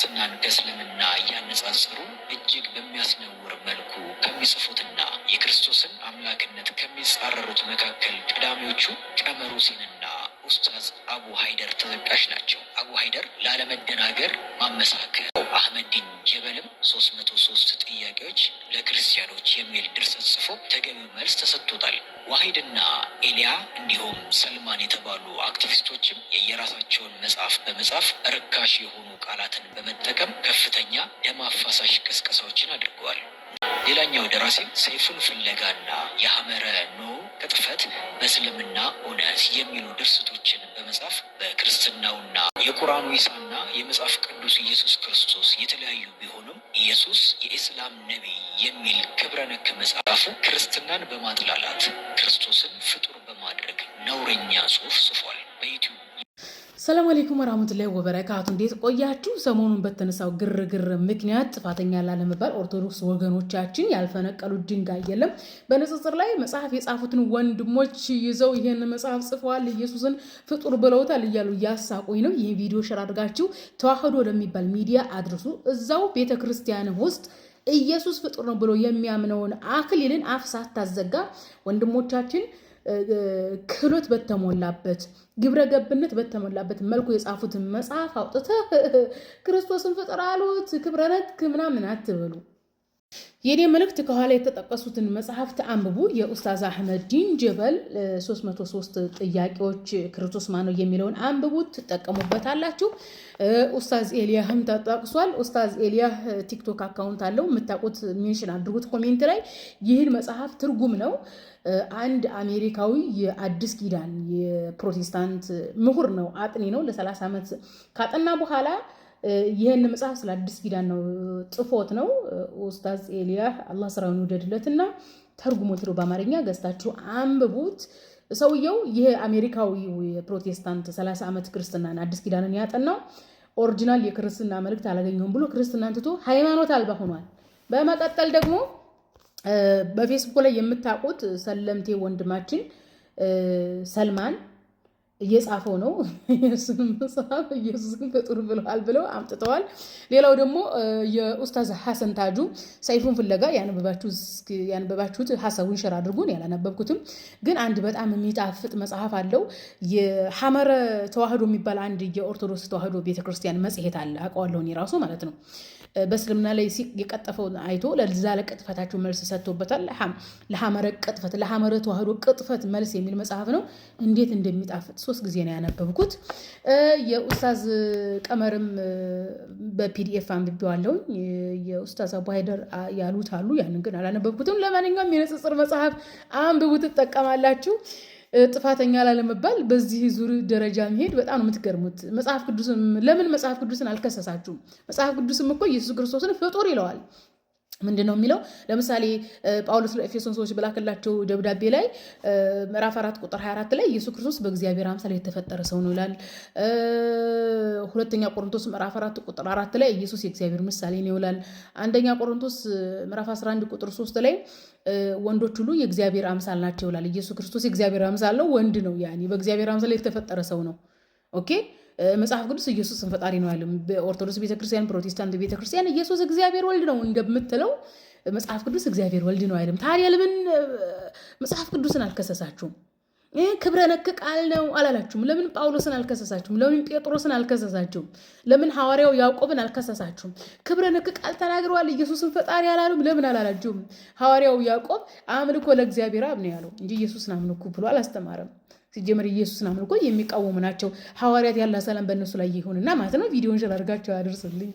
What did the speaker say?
ክርስትናን ከእስልምና እያነጻጸሩ እጅግ በሚያስነውር መልኩ ከሚጽፉትና የክርስቶስን አምላክነት ከሚጻረሩት መካከል ቀዳሚዎቹ ቀመሩሲንና ኡስታዝ አቡ ሀይደር ተጠቃሽ ናቸው። አቡ ሀይደር ላለመደናገር ማመሳከር አህመዲን ጀበልም ሶስት መቶ ሶስት ጥያቄዎች ለክርስቲያኖች የሚል ድርሰት ጽፎ ተገቢ መልስ ተሰጥቶታል። ዋሂድና ኤልያ እንዲሁም ሰልማን የተባሉ አክቲቪስቶችም የየራሳቸውን መጽሐፍ በመጻፍ ርካሽ የሆኑ ቃላትን በመጠቀም ከፍተኛ ደም አፋሳሽ ቅስቀሳዎችን አድርገዋል። ሌላኛው ደራሲም ሰይፉን ፍለጋና የሐመረ ኖ ቅጥፈት በእስልምና እውነት የሚሉ ድርሰቶችን በመጻፍ በክርስትናውና የቁርአኑ ኢሳና የመጽሐፍ ቅዱስ ኢየሱስ ክርስቶስ የተለያዩ ቢሆኑም ኢየሱስ የኢስላም ነቢይ የሚል ክብረ ነክ መጽሐፉ ክርስትናን በማጥላላት ክርስቶስን ፍጡር በማድረግ ነውረኛ ጽሁፍ ጽፏል። በዩቲዩብ ሰላም አለይኩም ወራህመቱላሂ ወበረካቱ። እንዴት ቆያችሁ? ሰሞኑን በተነሳው ግርግር ምክንያት ጥፋተኛ ላለመባል ኦርቶዶክስ ወገኖቻችን ያልፈነቀሉ ድንጋይ የለም። በንጽጽር ላይ መጽሐፍ የጻፉትን ወንድሞች ይዘው ይህን መጽሐፍ ጽፈዋል፣ ኢየሱስን ፍጡር ብለውታል እያሉ እያሳቁኝ ነው። ይህ ቪዲዮ ሸር አድርጋችሁ ተዋህዶ ወደሚባል ሚዲያ አድርሱ። እዛው ቤተ ክርስቲያን ውስጥ ኢየሱስ ፍጡር ነው ብሎ የሚያምነውን አክሊልን አፍሳት ታዘጋ ወንድሞቻችን ክህሎት በተሞላበት ግብረ ገብነት በተሞላበት መልኩ የጻፉትን መጽሐፍ አውጥተህ ክርስቶስን ፍጥር አሉት ክብረ ነክ ምናምን አትበሉ። የኔ መልእክት ከኋላ የተጠቀሱትን መጽሐፍት አንብቡ። የኡስታዝ አህመድ ዲን ጀበል 303 ጥያቄዎች ክርስቶስ ማነው የሚለውን አንብቡ፣ ትጠቀሙበታላችሁ። ኡስታዝ ኤልያህም ተጠቅሷል። ኡስታዝ ኤልያህ ቲክቶክ አካውንት አለው፣ የምታውቁት ሜንሽን አድርጉት ኮሜንት ላይ። ይህን መጽሐፍ ትርጉም ነው። አንድ አሜሪካዊ የአዲስ ኪዳን የፕሮቴስታንት ምሁር ነው፣ አጥኒ ነው። ለ30 ዓመት ካጠና በኋላ ይህን መጽሐፍ ስለ አዲስ ኪዳን ነው ጽፎት ነው ኡስታዝ ኤልያ አላህ ስራውን ይውደድለትና ተርጉሞት ነው በአማርኛ ገዝታችሁ አንብቡት። ሰውየው ይህ አሜሪካዊ የፕሮቴስታንት 30 ዓመት ክርስትናን አዲስ ኪዳንን ያጠናው ኦሪጂናል የክርስትና መልእክት አላገኘሁም ብሎ ክርስትናን ትቶ ሃይማኖት አልባ ሆኗል። በመቀጠል ደግሞ በፌስቡክ ላይ የምታውቁት ሰለምቴ ወንድማችን ሰልማን እየጻፈው ነው። እሱንም መጽሐፍ ኢየሱስን ፍጡር ብለዋል ብለው አምጥተዋል። ሌላው ደግሞ የኡስታዝ ሐሰን ታጁ ሰይፉን ፍለጋ ያንበባችሁት ሀሳቡን ሸር አድርጉን። ያላነበብኩትም ግን አንድ በጣም የሚጣፍጥ መጽሐፍ አለው። የሐመረ ተዋህዶ የሚባል አንድ የኦርቶዶክስ ተዋህዶ ቤተክርስቲያን መጽሔት አለ። አውቀዋለሁ እኔ ራሱ ማለት ነው በእስልምና ላይ የቀጠፈውን አይቶ ለዛ ለቅጥፈታችሁ መልስ ሰጥቶበታል። ለሐመረ ቅጥፈት ለሐመረ ተዋህዶ ቅጥፈት መልስ የሚል መጽሐፍ ነው። እንዴት እንደሚጣፍጥ ሶስት ጊዜ ነው ያነበብኩት። የኡስታዝ ቀመርም በፒዲኤፍ አንብቤዋለሁ። የኡስታዝ አቡ ያሉት አሉ። ያንን ግን አላነበብኩትም። ለማንኛውም የንጽጽር መጽሐፍ አንብቡ፣ ትጠቀማላችሁ። ጥፋተኛ ላለመባል በዚህ ዙር ደረጃ መሄድ በጣም ነው የምትገርሙት። መጽሐፍ ቅዱስ ለምን መጽሐፍ ቅዱስን አልከሰሳችሁም? መጽሐፍ ቅዱስም እኮ ኢየሱስ ክርስቶስን ፍጡር ይለዋል። ምንድን ነው የሚለው? ለምሳሌ ጳውሎስ ለኤፌሶን ሰዎች በላከላቸው ደብዳቤ ላይ ምዕራፍ አራት ቁጥር 24 ላይ ኢየሱስ ክርስቶስ በእግዚአብሔር አምሳል የተፈጠረ ሰው ነው ይላል። ሁለተኛ ቆሮንቶስ ምዕራፍ አራት ቁጥር አራት ላይ ኢየሱስ የእግዚአብሔር ምሳሌ ነው ይላል። አንደኛ ቆሮንቶስ ምዕራፍ 11 ቁጥር 3 ላይ ወንዶች ሁሉ የእግዚአብሔር አምሳል ናቸው ይላል። ኢየሱስ ክርስቶስ የእግዚአብሔር አምሳል ነው፣ ወንድ ነው። ያኔ በእግዚአብሔር አምሳል የተፈጠረ ሰው ነው። ኦኬ መጽሐፍ ቅዱስ ኢየሱስን ፈጣሪ ነው ያለም። በኦርቶዶክስ ቤተክርስቲያን፣ ፕሮቴስታንት ቤተክርስቲያን ኢየሱስ እግዚአብሔር ወልድ ነው እንደምትለው መጽሐፍ ቅዱስ እግዚአብሔር ወልድ ነው አይልም። ታዲያ ለምን መጽሐፍ ቅዱስን አልከሰሳችሁም? ክብረ ነክ ቃል ነው አላላችሁም? ለምን ጳውሎስን አልከሰሳችሁም? ለምን ጴጥሮስን አልከሰሳችሁም? ለምን ሐዋርያው ያዕቆብን አልከሰሳችሁም? ክብረ ነክ ቃል ተናግረዋል። ኢየሱስን ፈጣሪ አላሉም። ለምን አላላችሁም? ሐዋርያው ያዕቆብ አምልኮ ለእግዚአብሔር አብ ነው ያለው እንጂ ኢየሱስን አምልኩ ብሎ አላስተማረም። ሲጀመር ኢየሱስን አምልኮ የሚቃወሙ ናቸው ሐዋርያት። ያለ ሰላም በእነሱ ላይ ይሁንና ማለት ነው። ቪዲዮን ሸር አድርጋቸው ያደርስልኝ።